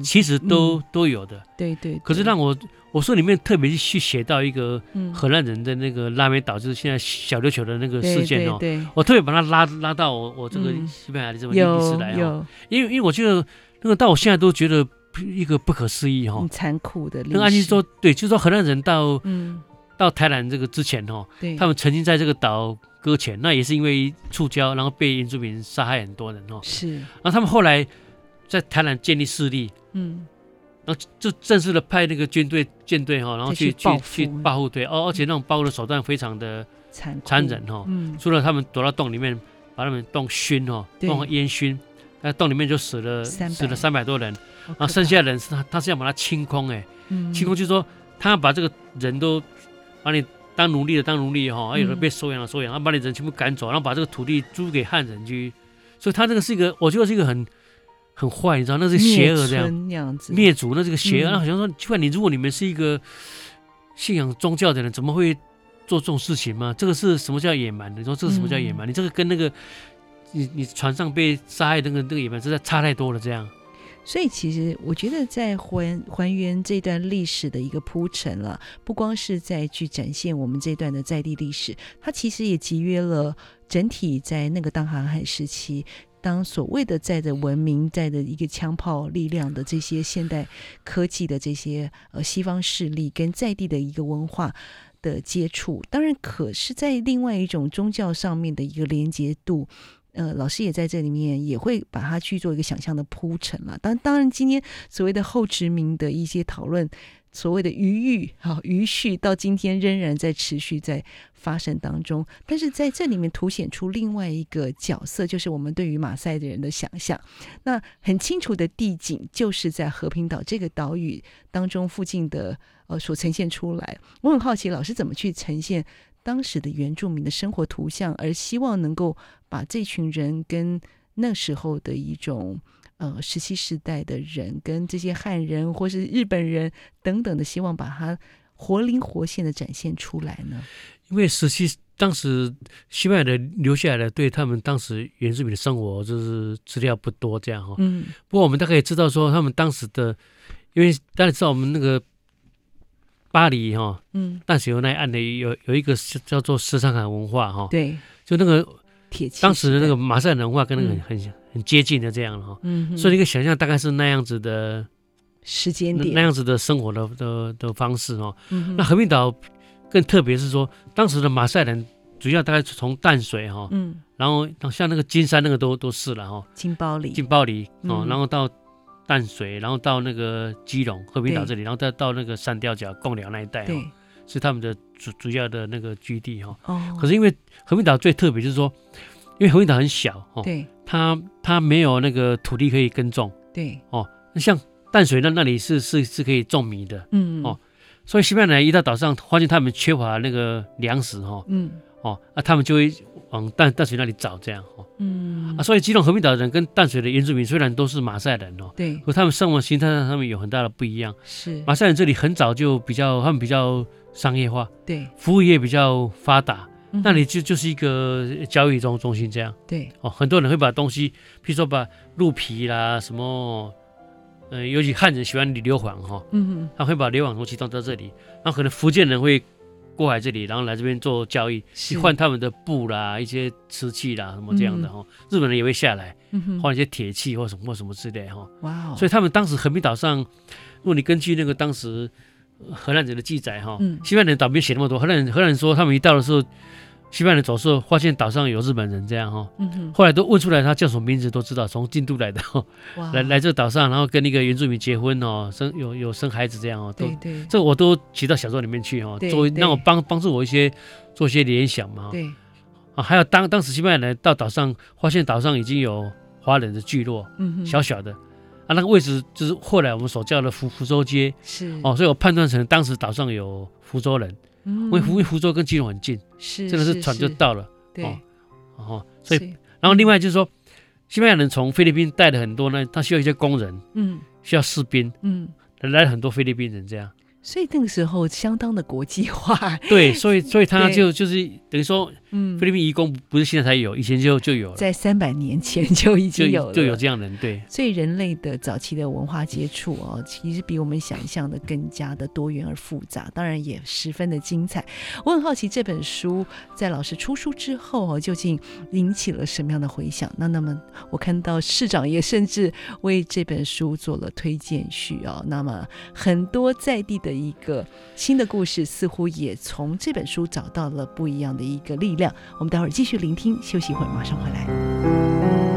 S1: 其實都、嗯、
S2: 都有的，對，
S1: 對對。可是
S2: 讓我，我說裡面特別去寫到一個荷蘭人的那個拉美島，嗯、就是現在小琉球的那個事件哦。對對對，我特別把它拉拉到我我這個西班牙的這個歷史來哦。嗯、因為因為我覺得那個到我現在都覺得一個不可思議哈，很殘酷的歷史。那按說對，就是說荷蘭人到嗯到台南這個之前哈，對他們曾經在這個島擱淺，那也是因為觸礁，然後被原住民殺害很多人哦。是，然後他們後來。在台南建立勢力，嗯，然後就正式的派那個軍隊艦隊哈，然後去去去報復隊，而、哦、而且那種報復的手段非常的殘殘忍哈、嗯，嗯，除了他們躲到洞裡面，把他們洞熏哈，洞和煙熏，那對洞裡面就死了百死了三百多人，然後剩下的人是他他是要把它清空哎，嗯、清空就是說他要把這個人都把你當奴隸的當奴隸哈，啊，有人被收養的、嗯、收養，然後把你人全部趕走，然後把這個土地租給漢人去，所以他這個是一個我覺得是一個很。很壞，你知道那是邪惡這樣，滅族那這個邪惡，嗯、那好像說，就問你如果你們是一個信仰宗教的人，怎麼會做這種事情嗎？這個是什麼叫野蠻？你說這個什麼叫野蠻？嗯、你這個跟那個你你船上被殺害的那個那個野蠻，實在差太多了這樣。
S1: 所以其實我覺得在還還原這段歷史的一個鋪陳了，不光是在去展現我們這段的在地歷史，它其實也集約了整體在那個大航海時期，當所謂的在的文明在的一個槍炮力量的這些現代科技的這些呃西方勢力跟在地的一個文化的接觸，當然可是在另外一種宗教上面的一個連接度，呃，老師也在這裡面也會把它去做一個想象的鋪陳了。當當然，今天所謂的後殖民的一些討論。所謂的餘慾哈餘緒，到今天仍然在持續在發生當中。但是在這裡面凸顯出另外一個角色，就是我們對於馬賽的人的想象。那很清楚的地景，就是在和平島這個島嶼當中附近的呃所呈現出來。我很好奇老師怎麼去呈現當時的原住民的生活圖像，而希望能夠把這群人跟那時候的一種。呃，石器時代的人跟這些漢人或是日本人等等的，希望把它活靈活現的展現出來呢。因為十七
S2: 當時西班牙的留下來的對他們當時原住民的生活就是資料不多這樣哈。嗯。不過我們大概也知道說他們當時的，因為大家知道我們那個巴黎哈，嗯，淡水河那一岸的有有一個叫，叫做十三行文化哈。對。就那個鐵器，時當時的那個馬賽文化跟那個很像。嗯很接近的這樣了哈，嗯哼，所以你可以想象，大概是那樣子的時間點那，那樣子的生活的的的方式哦。嗯、哼那和平島更特別是說，當時的馬賽人主要大概從淡水哈，嗯，然後像那個金山那個都都是了哈，金包里，金包里哦，然後到淡水，然後到那個基隆和平島這裡，對然後再到那個三貂角、貢寮那一帶哦，對是他們的主主要的那個基地哈。哦，可是因為和平島最特別就是說，因為和平島很小哦，對。他他沒有那個土地可以耕種，對哦。那像淡水那那裡是是是可以種米的，嗯哦。所以西班牙一到島上發現他們缺乏那個糧食哈，嗯哦，那、嗯啊、他們就會往淡淡水那裡找這樣哈，哦、嗯啊。所以基隆和平島的人跟淡水的原住民雖然都是馬賽人哦，對，可他們生活形態上他們有很大的不一樣。是馬賽人這裡很早就比較，他們比較商業化，對，服務業比較發達。那裡就就是一個交易中中心這樣，對，哦，很多人會把東西，比如說把鹿皮啦什麼，嗯、呃，尤其漢人喜歡硫磺哈，哦、嗯哼，他會把硫磺東西裝到這裡，那可能福建人會過來這裡，然後來這邊做交易，是去換他們的布啦、一些瓷器啦什麼這樣的哈，嗯、哼日本人也會下來，嗯哼，換一些鐵器或什麼或什麼之類哈，哇、哦，Wow 所以他們當時和平島上，如果你根據那個當時，荷蘭人的記載哈、哦，嗯、西班牙人倒沒寫那麼多，荷蘭人荷蘭人說他們一到的時候，西班牙人走的時候發現島上有日本人這樣哈、哦，嗯、哼後來都問出來他叫什麼名字都知道，從印度來的、哦，哇來來這個島上，然後跟那個原住民結婚哦，生有有生孩子這樣哦，都對，對對，這我都寫到小說裡面去哈、哦，作為讓我幫幫助我一些做一些聯想嘛、哦，
S1: 對，
S2: 啊還有當當時西班牙人到島上發現島上已經有華人的聚落，嗯、哼小小的。啊，那個位置就是後來我們所叫的福福州街，是哦，所以我判斷成當時島上有福州人，嗯，因為福福州跟基隆很近，是真的是船就到了，對，哦，所以，然後另外就是說，西班牙人從菲律賓帶了很多呢，他需要一些工人，嗯，需要士兵，嗯，來了很多菲律賓人這樣，
S1: 所以那個時候相當的國際化，對，所以所以他就
S2: 就是等於說。嗯，菲律賓移工不是現在才有，以前就就有，在
S1: 三百年前就已經有就有這樣的人對。所以人類的早期的文化接觸哦，其實比我們想象的更加的多元而複雜，當然也十分的精彩。我很好奇這本書在老師出書之後哦，究竟引起了什麼樣的回響？那那麼我看到市長也甚至為這本書做了推薦序哦，那麼很多在地的一個新的故事似乎也從這本書找到了不一樣的一個力。我們待會兒繼續聆聽，休息一會兒，馬上回來。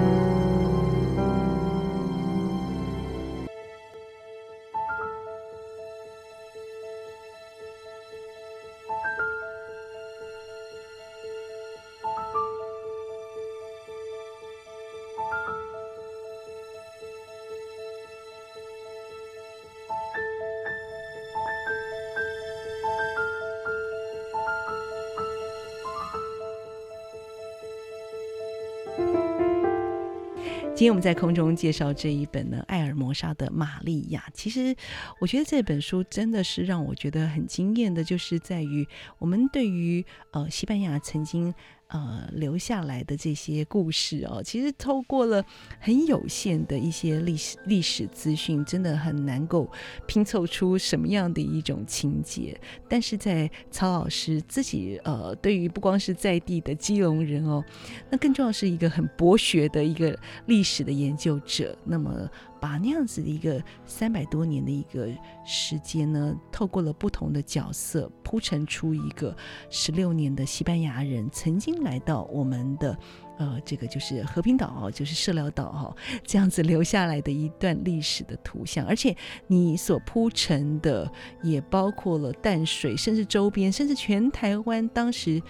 S1: 今天我們在空中介紹這一本呢，《埃爾摩莎的瑪利亞》。其實，我覺得這本書真的是讓我覺得很驚艷的，就是在於我們對於呃西班牙曾經。呃，留下來的這些故事哦，其實透過了很有限的一些歷史歷史資訊，真的很難夠拼湊出什麼樣的一種情節。但是在曹老師自己呃，對於不光是在地的基隆人哦，那更重要是一個很博學的一個歷史的研究者，那麼。把那樣子的一個三百多年的一個時間呢，透過了不同的角色鋪陳出一個十六年的西班牙人曾經來到我們的呃，這個就是和平島就是社寮島，這樣子留下來的一段歷史的圖像，而且你所鋪陳的也包括了淡水，甚至周邊，甚至全台灣當時。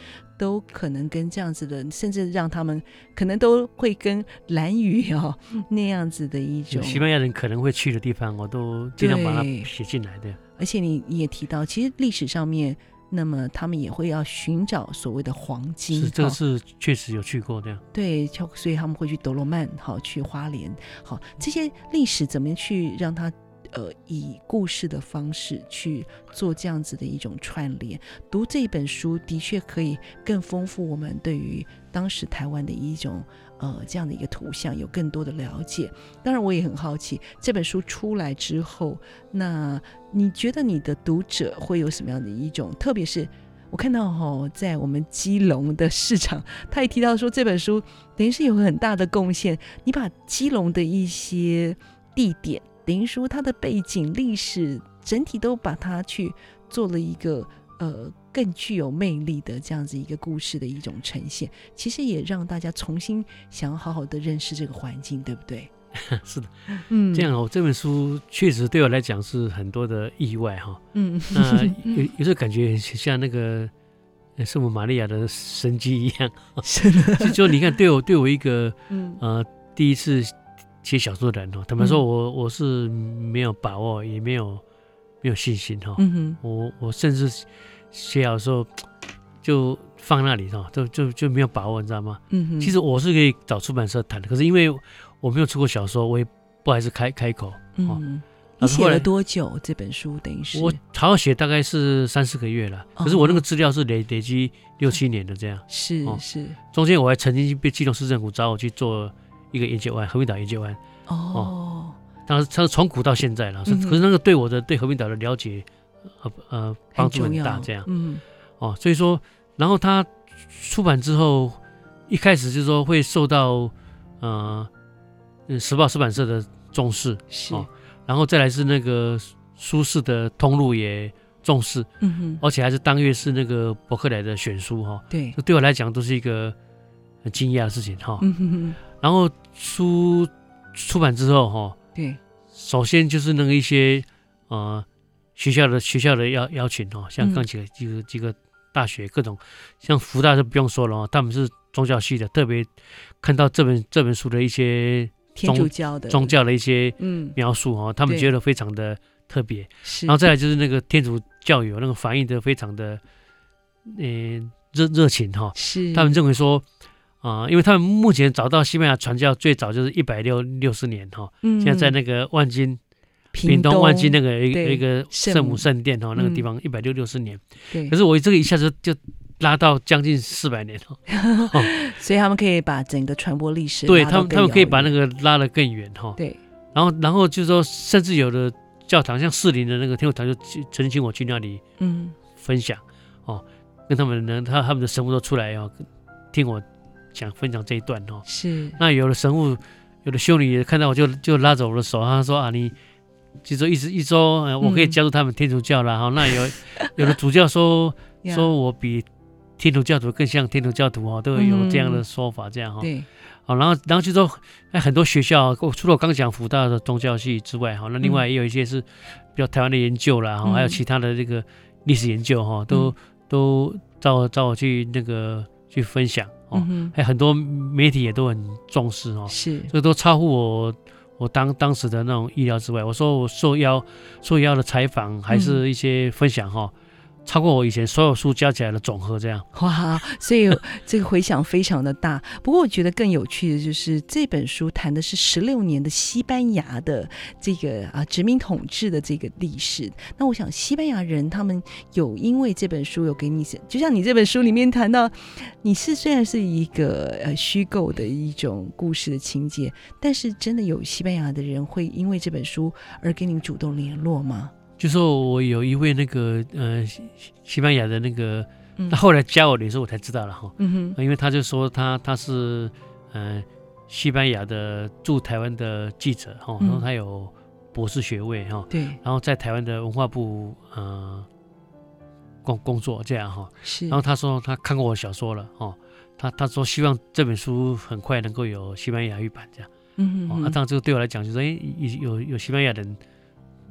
S1: 都可能跟這樣子的，甚至讓他們可能都會跟蘭嶼哦那樣子的一種西班牙
S2: 人可能會去的地方，我都盡量把它寫進來的，
S1: 啊。而且你你也提到，其實歷史上面，那麼他們也會要尋找所謂的黃金，是這個，是
S2: 確實有去過這樣，
S1: 啊。對，所以他們會去德羅曼，好去花蓮，好這些歷史怎麼去讓他。呃，以故事的方式去做這樣子的一種串聯，讀這本書的確可以更豐富我們對於當時台灣的一種呃這樣的一個圖像，有更多的了解。當然，我也很好奇這本書出來之後，那你覺得你的讀者會有什麼樣的一種？特別是我看到哈、哦，在我們基隆的市場，他也提到說這本書等於是有很大的貢獻，你把基隆的一些地點。林書，他的背景、歷史整體都把它去做了一個呃更具有魅力的這樣子一個故事的一種呈現，其實也讓大家重新想要好好的認識這個環境，對不對？是的，嗯，這樣
S2: 哦，嗯、這本書確實對我來講是很多的意外哈、哦，嗯，那有有時候感覺像那個聖母瑪利亞的神跡一樣，是的哦、就你看對我對我一個、嗯、呃第一次。寫小說的人哦，他們說我我是沒有把握，也沒有沒有信心哈。嗯、哼我我甚至寫小說就放那裡哈，就就就沒有把握，你知道嗎？嗯、哼其實我是可以找出版社談的，可是因為我沒有出過小說，我也不好意思開開口。嗯
S1: 哼那你寫了多久？這本書等於是我
S2: 好好寫大概是三四個月了，哦、可是我那個資料是累累積六七年的這樣。是是，中間我還曾經被基隆市政府找我去做。一個研究灣和平島研究灣哦，當然、哦，他從古到現在了，嗯、哼可是那個對我的對和平島的了解，呃呃，幫助很大。這樣，嗯，哦，所以說，然後他出版之後，一開始就是說會受到呃時報出版社的重視，是哦。然後再來是那個書市的通路也重視，嗯哼，而且還是當月是那個博客來的選書哈，哦、對，對我來講都是一個很驚訝的事情哈。哦嗯哼哼然後書出，出版之後哈、哦，對，首先就是那個一些呃學校的學校的邀邀請哈、哦，像剛才幾個幾個大學各種，像輔大就不用說了啊、哦，他們是宗教系的，特別看到這本這本書的一些宗教的宗教的一些嗯描述哈、哦，嗯、他們覺得非常的特別，然後再來就是那個天主教友、哦、那個反應的非常的嗯、呃、熱熱情哈、哦，是，他們認為說。啊，因為他們目前找到西班牙傳教最早就是一百六六十年哈，現在在那個萬金，屏東萬金那個一個一個聖母聖殿哈，那個地方一百六六十年。對，可是我這個一下子就拉到將近四百年哦，
S1: 所以他們可以把整個傳播歷史對他們他們可以把
S2: 那個拉得更遠哈。對，然後然後就是說，甚至有的教堂像士林的那個天主堂，就曾經請我去那裡嗯分享哦，跟他們能他他們的神父都出來要聽我想分享這一段哦，是那有的神父、有的修女也看到我就就拉着我的手，他說啊，你就說一直一周，嗯、我可以加入他們天主教了哈。嗯、那有有的主教說 說我比天主教徒更像天主教徒哦，都有這樣的說法這樣哈、哦。嗯、好，然後然後就說哎，很多學校，除了我剛講輔大的宗教系之外哈，嗯、那另外也有一些是比較台灣的研究啦，哈、嗯，還有其他的這個歷史研究哈、哦，都、嗯、都找我找我去那個去分享。哦，很多媒體也都很重視哦，是、嗯哼，這都超乎我我當當時的那種意料之外。我說我受邀受邀的採訪還是一些分享哈。嗯超過我以前所有書加起來的總和，這樣
S1: 哇！所以這個回響非常的大。 不過我覺得更有趣的就是這本書談的是十六年的西班牙的這個啊殖民統治的這個歷史。那我想西班牙人他們有因為這本書有給你寫，就像你這本書裡面談到，你是雖然是一個呃虛構的一種故事的情節，但是真的有西班牙的人會因為這本書而跟你主動聯絡嗎？
S2: 就說我有一位那個呃西班牙的那個，嗯、他後來加我的時候我才知道了哈，嗯、哼因為他就說他他是嗯、呃、西班牙的駐台灣的記者哈，嗯、然後他有博士學位哈，對，然後在台灣的文化部嗯工、呃、工作這樣哈，是然後他說他看過我小說了哈、哦，他他說希望這本書很快能夠有西班牙語版這樣，那、嗯哼啊、當對我來講就是誒有有西班牙人。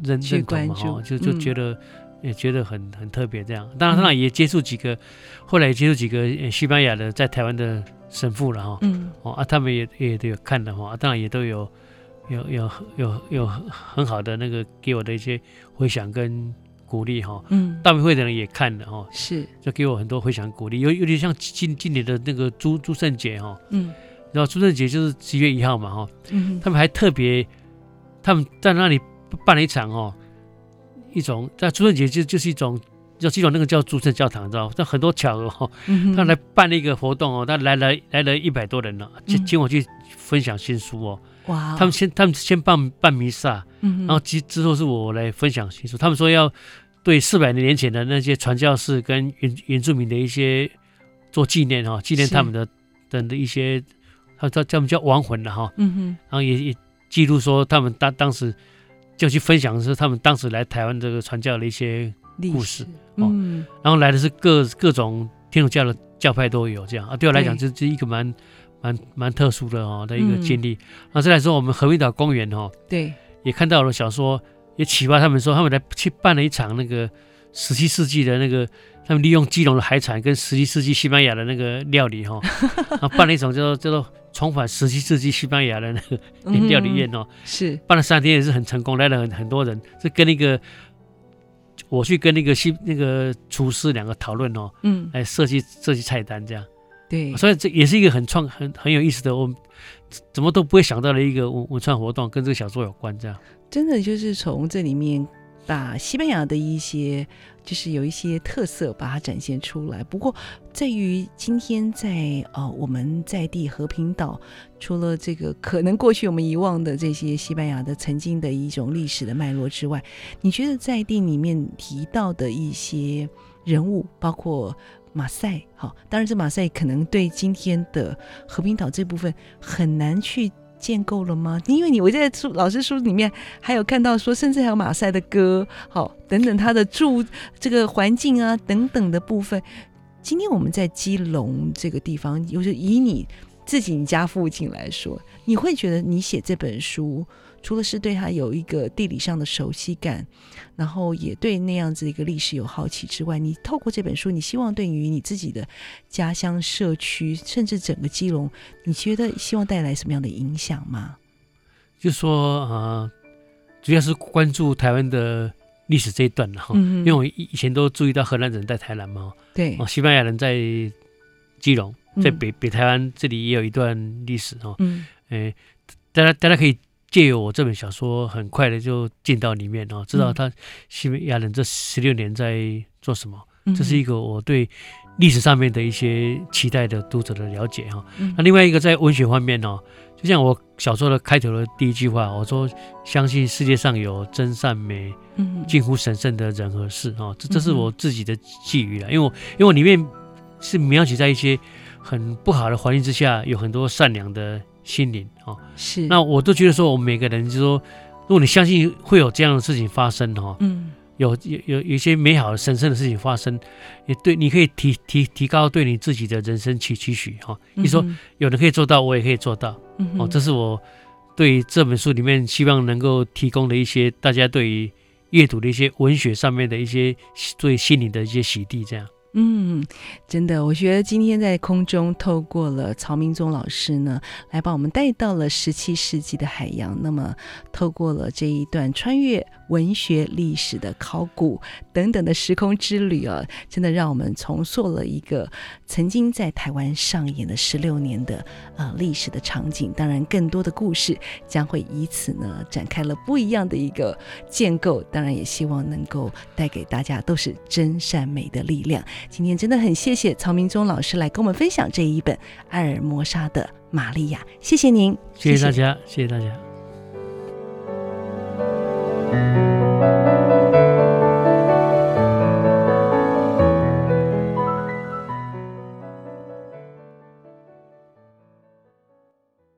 S2: 人認，認同嘛？哦、就就覺得、嗯、也覺得很很特別這樣。當然，當然也接觸幾個，嗯、後來也接觸幾個西班牙的在台灣的神父了哈。嗯，哦啊，他們也也，也都有看的哈。當然也都有有有有有很好的那個給我的一些回想跟鼓勵哈。嗯，道明會的人也看了哈。是，就給我很多回想鼓勵，有有點像近近年的那個諸諸聖節哈。嗯，然後諸聖節就是七月一號嘛哈。嗯哼，他們還特別，他們在那裡。辦了一場哦，一種在主日節就就是一種，叫一種那個叫主日教堂，知道嗎？在很多巧合哦，嗯、哼他來辦了一個活動哦，他來了來了一百多人了，請、嗯、哼請我去分享新書哦。哇他！他們先他們先辦辦彌撒，然後之之後是我來分享新書。嗯、哼他們說要對四百年前的那些傳教士跟原原住民的一些做紀念哈、哦，紀念他們的等是的一些，他叫我們叫亡魂了哈、哦。嗯哼，然後也也記錄說他們當當時。就去分享的是他們當時來台灣這個傳教的一些故事，嗯，然後來的是各各種天主教的教派都有這樣啊，對我來講這是一個蠻對蠻蠻，蠻特殊的哈的一個經歷。那、嗯、再來說我們和平島公園哈、哦，對，也看到了小說也啟發他們說他們來去辦了一場那個十七世紀的那個他們利用基隆的海產跟十七世紀西班牙的那個料理哈、哦，嗯、然後辦了一場叫， 叫做叫做。重返十七世紀西班牙的那個料理宴哦，嗯、是辦了三天也是很成功，來了很很多人，是跟那個我去跟那個西那個廚師兩個討論哦，嗯，來設計設計菜單這樣，對，所以這也是一個很創很很有意思的，我怎麼都不會想到的一個文文創活動跟這個小說有關這樣，
S1: 真的就是從這裡面。把西班牙的一些，就是有一些特色，把它展現出來。不過，在於今天在呃我們在地和平島，除了這個可能過去我們遺忘的這些西班牙的曾經的一種歷史的脈絡之外，你覺得在地裡面提到的一些人物，包括馬賽，哈、哦，當然這馬賽可能對今天的和平島這部分很難去。建構了嗎？因為你我在書老師書裡面還有看到說，甚至還有馬賽的歌，好等等他的住這個環境啊等等的部分。今天我們在基隆這個地方，就是以你自己你家附近來說，你會覺得你寫這本書？除了是對他有一個地理上的熟悉感，然後也對那樣子一個歷史有好奇之外，你透過這本書，你希望對於你自己的家鄉社區，甚至整個基隆，你覺得希望帶來什麼樣的影響嗎？
S2: 就是說啊、呃，主要是關注台灣的歷史這一段了哈，因為我以以前都注意到荷蘭人在台南嘛，對，西班牙人在基隆，在北北台灣這裡也有一段歷史哈，嗯，哎，大家大家可以。借由我這本小說，很快的就進到裡面哦，知道他西班牙人這十六年在做什麼。這是一個我對歷史上面的一些期待的讀者的了解哈。嗯、那另外一個在文學方面呢，就像我小說的開頭的第一句話，我說相信世界上有真善美，近乎神聖的人和事哈。這這是我自己的寄語了，因為我因為我裡面是描寫在一些很不好的環境之下，有很多善良的。心靈啊，哦、是。那我都覺得說，我們每個人就是說，如果你相信會有這樣的事情發生哈，哦、嗯，有有有有一些美好的、神聖的事情發生，也對，你可以提提提高對你自己的人生期期許哈。哦嗯、哼你說，有人可以做到，我也可以做到。嗯、哼哦，這是我對這本書裡面希望能夠提供的一些大家對於閱讀的一些文學上面的一些對心靈的一些洗滌，這樣。
S1: 嗯，真的，我覺得今天在空中透過了曹銘宗老師呢，來把我們帶到了十七世紀的海洋。那麼，透過了這一段穿越文學歷史的考古等等的時空之旅啊，真的讓我們重塑了一個曾經在台灣上演了十六年的呃歷史的場景。當然，更多的故事將會以此呢展開了不一樣的一個建構。當然，也希望能夠帶給大家都是真善美的力量。今天真的很謝謝曹銘宗老師來跟我們分享這一本《艾爾摩莎的瑪利亞》，謝謝您，謝謝，謝，謝大家，
S2: 謝謝大家。